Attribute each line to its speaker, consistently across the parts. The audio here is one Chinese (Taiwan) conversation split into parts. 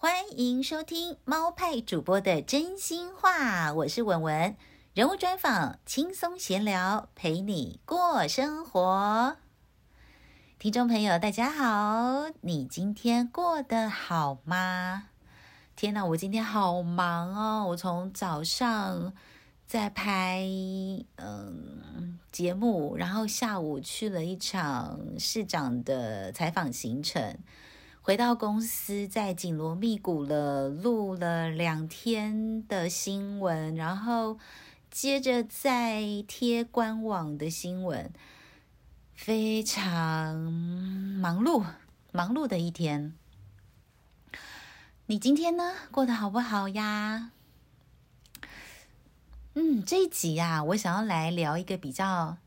Speaker 1: 歡迎收聽貓派主播的真心話，我是文文。人物專訪，輕鬆閒聊，陪你過生活。聽眾朋友，大家好，你今天過得好嗎？天哪，我今天好忙哦！我從早上在拍嗯節目，然後下午去了一場市長的採訪行程。回到公司，在緊鑼密鼓了，錄了兩天的新聞，然後接着再貼官網的新聞，非常忙碌，忙碌的一天。你今天呢過得好不好呀？嗯，這一集呀、啊，我想要來聊一個比較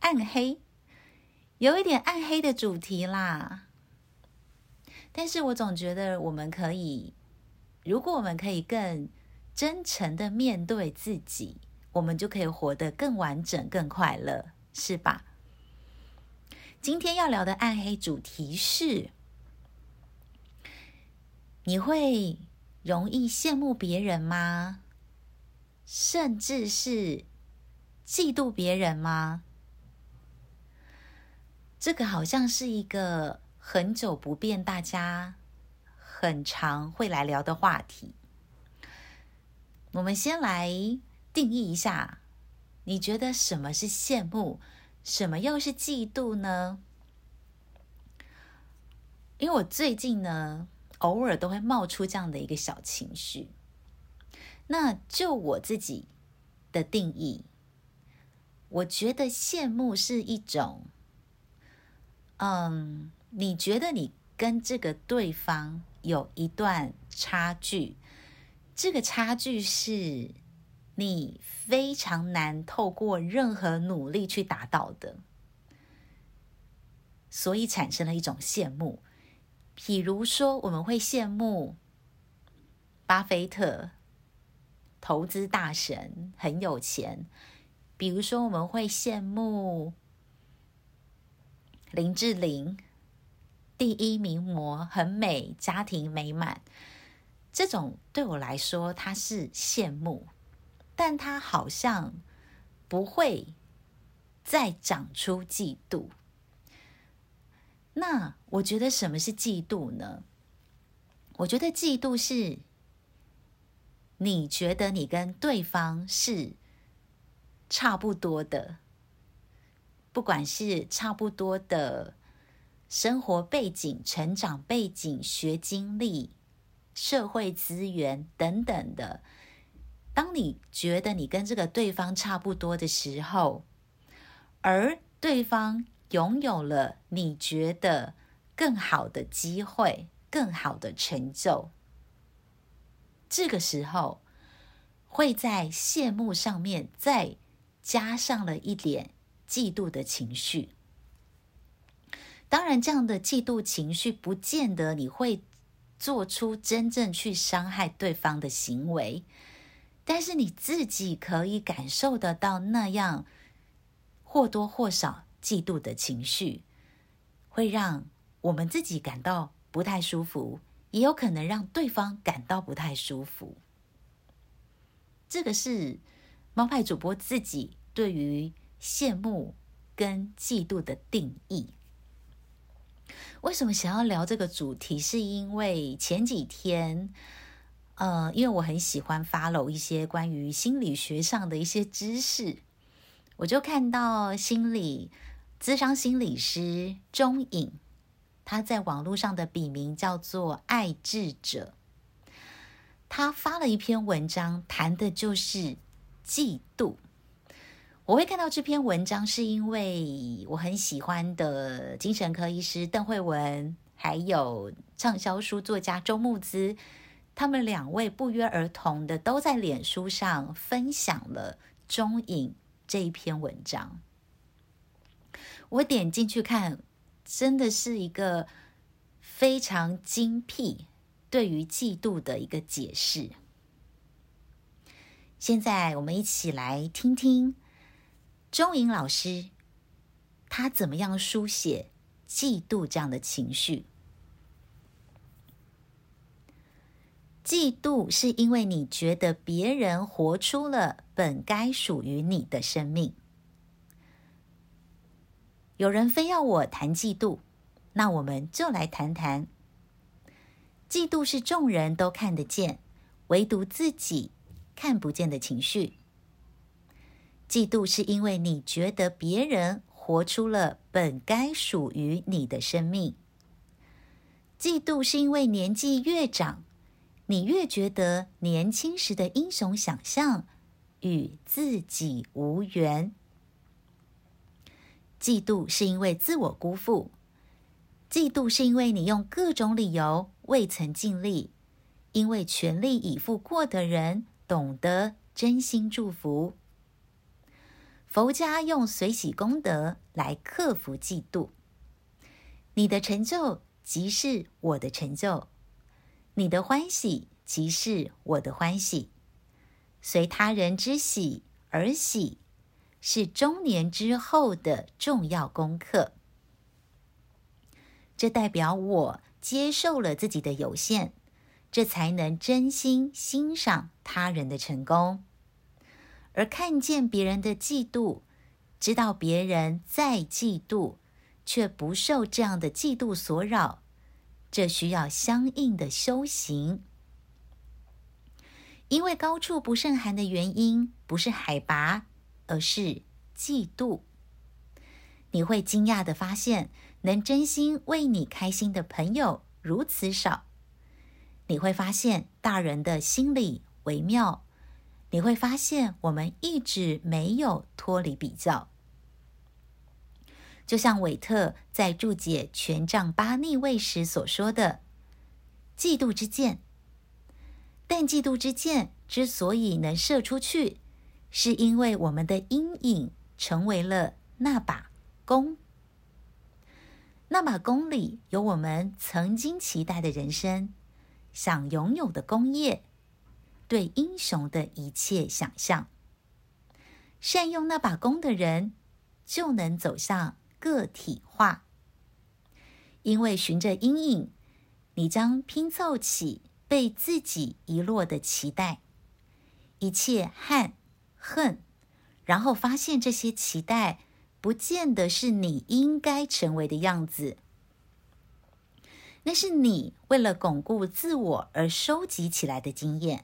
Speaker 1: 暗黑，有一點暗黑的主題啦。但是我總覺得我們可以，如果我們可以更真誠的面對自己，我們就可以活得更完整、更快樂，是吧？今天要聊的暗黑主題是：你會容易羨慕別人嗎？甚至是嫉妒別人嗎？這個好像是一個。很久不變，大家很常會來聊的話題。我們先來定義一下，你覺得什麼是羨慕，什麼又是嫉妒呢？因為我最近呢，偶爾都會冒出這樣的一個小情緒。那就我自己的定義，我覺得羨慕是一種，嗯。你覺得你跟這個對方有一段差距，這個差距是你非常難透過任何努力去達到的，所以產生了一種羨慕。比如說，我們會羨慕巴菲特，投資大神，很有錢。比如說，我們會羨慕林志玲。第一名模很美，家庭美滿，這種對我來說，他是羨慕，但他好像不會再長出嫉妒。那我覺得什麼是嫉妒呢？我覺得嫉妒是你覺得你跟對方是差不多的，不管是差不多的。生活背景、成長背景、學經歷、社會資源等等的，當你覺得你跟這個對方差不多的時候，而對方擁有了你覺得更好的機會、更好的成就，這個時候會在羨慕上面再加上了一點嫉妒的情緒。當然，這樣的嫉妒情緒不見得你會做出真正去傷害對方的行為，但是你自己可以感受得到那樣或多或少嫉妒的情緒，會讓我們自己感到不太舒服，也有可能讓對方感到不太舒服。這個是貓派主播自己對於羨慕跟嫉妒的定義。為什麼想要聊這個主題？是因為前幾天，呃，因為我很喜歡 follow 一些關於心理學上的一些知識，我就看到心理諮商心理師鐘穎，他在網絡上的筆名叫做愛智者，他發了一篇文章，談的就是嫉妒。我會看到這篇文章，是因為我很喜歡的精神科醫師鄧惠文，還有暢銷書作家周慕姿，他們兩位不約而同的都在臉書上分享了鐘穎這一篇文章。我點進去看，真的是一個非常精闢對於嫉妒的一個解釋。現在我們一起來聽聽。鐘穎老師，他怎麼樣書寫嫉妒這樣的情緒？嫉妒是因為你覺得別人活出了本該屬於你的生命。有人非要我談嫉妒，那我們就來談談。嫉妒是眾人都看得見，唯獨自己看不見的情緒。嫉妒是因為你覺得別人活出了本該屬於你的生命。嫉妒是因為年紀越長，你越覺得年輕時的英雄想象與自己無緣。嫉妒是因為自我辜負。嫉妒是因為你用各種理由未曾盡力，因為全力以赴過的人，懂得真心祝福。佛家用隨喜功德來克服嫉妒。你的成就即是我的成就，你的歡喜即是我的歡喜。隨他人之喜而喜，是中年之後的重要功課。這代表我接受了自己的有限，這才能真心欣賞他人的成功。而看見別人的嫉妒，知道別人在嫉妒，却不受這樣的嫉妒所擾，這需要相應的修行。因為高處不勝寒的原因，不是海拔，而是嫉妒。你會驚訝的發現，能真心為你開心的朋友如此少。你會發現，大人的心理微妙。你會發現，我們一直沒有脫離比較。就像韋特在註解權杖八逆位時所說的“嫉妒之箭”，但嫉妒之箭之所以能射出去，是因為我們的陰影成為了那把弓。那把弓裡有我們曾經期待的人生、想擁有的功業。對英雄的一切想象，善用那把弓的人，就能走向個體化。因為循着陰影，你將拼湊起被自己遺落的期待，一切憾恨，然後發現這些期待不見得是你應該成為的樣子，那是你為了鞏固自我而收集起來的經驗。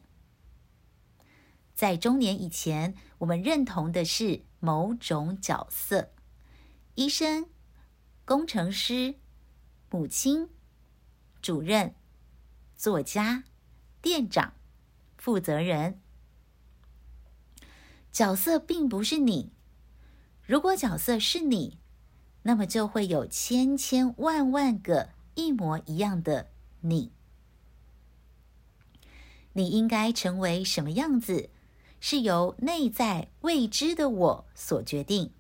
Speaker 1: 在中年以前，我們認同的是某種角色：醫生、工程師、母親、主任、作家、店長、負責人。角色並不是你。如果角色是你，那麼就會有千千萬萬個一模一樣的你。你應該成為什麼樣子？是由內在未知的我所決定，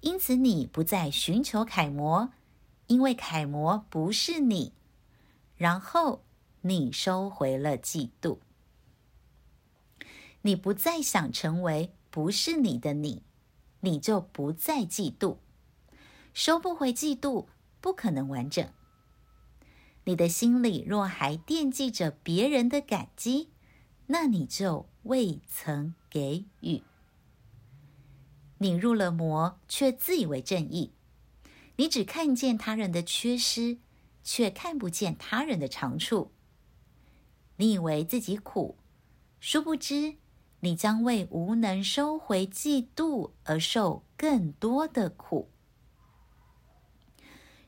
Speaker 1: 因此你不再尋求楷模，因為楷模不是你。然後你收回了嫉妒，你不再想成為不是你的你，你就不再嫉妒。收不回嫉妒，不可能完整。你的心裡若還惦記着別人的感激，那你就未曾給予，你入了魔，卻自以為正義。你只看見他人的缺失，卻看不見他人的長處。你以為自己苦，殊不知你將為無能收回嫉妒而受更多的苦。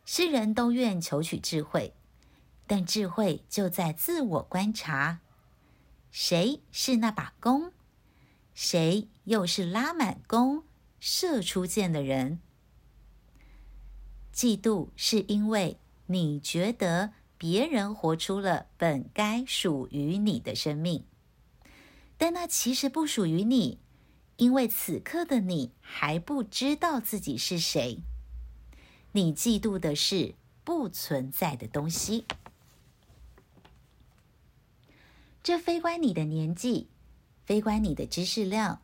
Speaker 1: 世人都願求取智慧，但智慧就在自我觀察。誰是那把弓？誰又是拉滿弓、射出箭的人？嫉妒是因為你覺得別人活出了本該屬於你的生命，但那其實不屬於你，因為此刻的你還不知道自己是誰。你嫉妒的是不存在的東西。這非關你的年紀，非關你的知識量，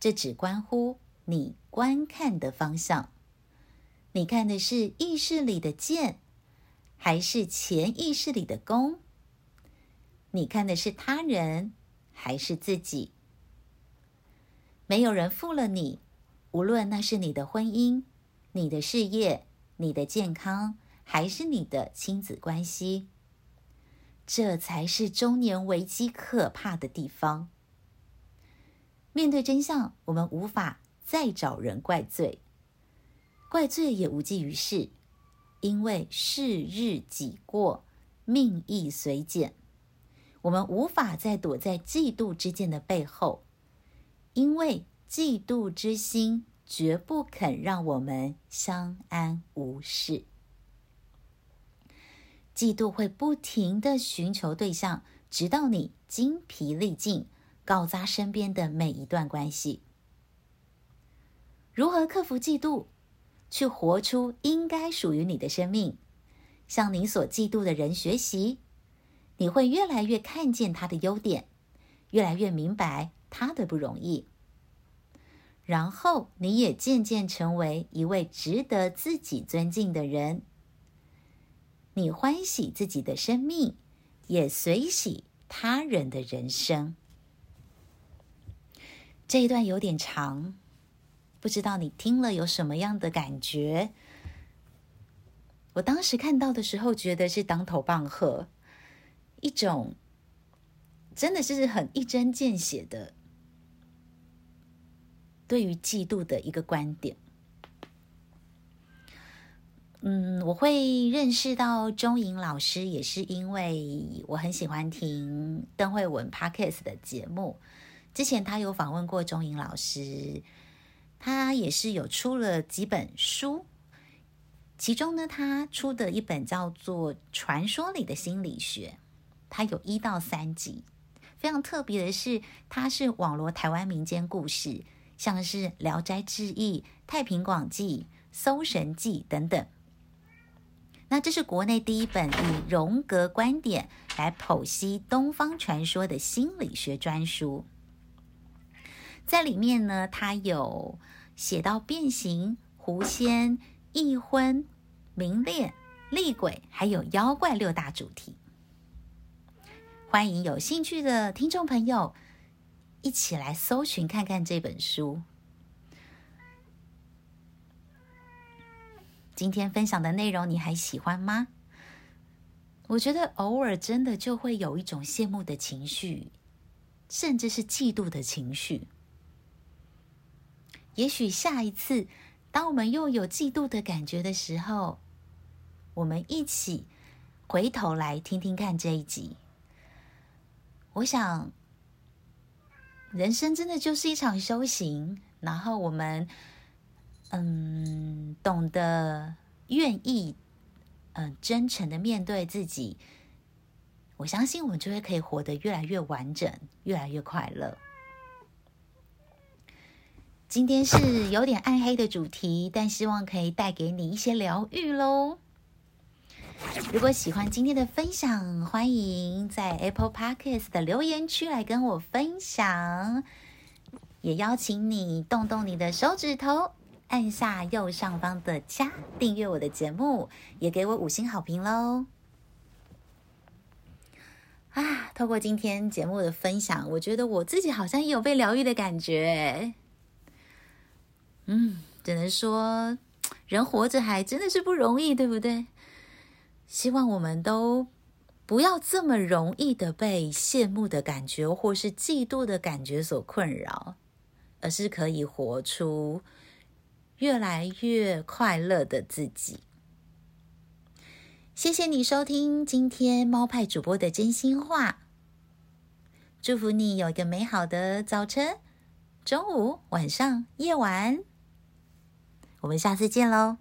Speaker 1: 這只關乎你觀看的方向。你看的是意識裡的箭，還是潛意識裡的弓？你看的是他人，還是自己？沒有人負了你，無論那是你的婚姻、你的事業、你的健康，還是你的親子關係。這才是中年危機可怕的地方。面對真相，我們無法再找人怪罪，怪罪也無濟於事，因為是日已過，命亦隨減。我們無法再躲在嫉妒之劍的背後，因為嫉妒之心絕不肯讓我們相安無事。嫉妒會不停的尋求對象，直到你精疲力盡，搞砸身邊的每一段關係。如何克服嫉妒，去活出應該屬於你的生命？向你所嫉妒的人學習，你會越來越看見他的優點，越來越明白他的不容易。然後你也漸漸成為一位值得自己尊敬的人。你歡喜自己的生命，也隨喜他人的人生。這一段有點長，不知道你聽了有什麼樣的感覺？我當時看到的時候，覺得是當頭棒喝，一種真的是很一針見血的，對於嫉妒的一個觀點。嗯，我會認識到鐘穎老師，也是因為我很喜歡聽鄧慧文 Podcast 的節目。之前他有訪問過鐘穎老師，他也是有出了幾本書。其中呢，他出的一本叫做《傳說裡的心理學》，它有一到三集。非常特別的是，它是網羅台灣民間故事，像是《聊齋志異》《太平廣記》《搜神記》等等。那這是國內第一本以榮格觀點來剖析東方傳說的心理學專書，在裡面呢，它有寫到變形、狐仙、異婚、冥戀、厲鬼，還有妖怪六大主題。歡迎有興趣的聽眾朋友一起來搜尋看看這本書。今天分享的內容你還喜歡嗎？我覺得偶爾真的就會有一種羨慕的情緒，甚至是嫉妒的情緒。也許下一次，當我們又有嫉妒的感覺的時候，我們一起回頭來聽聽看這一集。我想，人生真的就是一場修行，然後我們。嗯，懂得願意，嗯，真誠的面對自己，我相信我們就會可以活得越來越完整，越來越快樂。今天是有點暗黑的主題，但希望可以帶給你一些療癒嘍。如果喜歡今天的分享，歡迎在 Apple Podcast 的留言區來跟我分享，也邀請你動動你的手指頭。按下右上方的加，訂閱我的節目，也給我五星好評嘍！啊，透過今天節目的分享，我覺得我自己好像也有被療癒的感覺。嗯，只能說，人活着還真的是不容易，對不對？希望我們都不要這麼容易的被羨慕的感覺，或是嫉妒的感覺所困擾，而是可以活出。越來越快樂的自己，謝謝你收聽今天貓派主播的真心話。祝福你有一個美好的早晨、中午、晚上、夜晚。我們下次見嘍。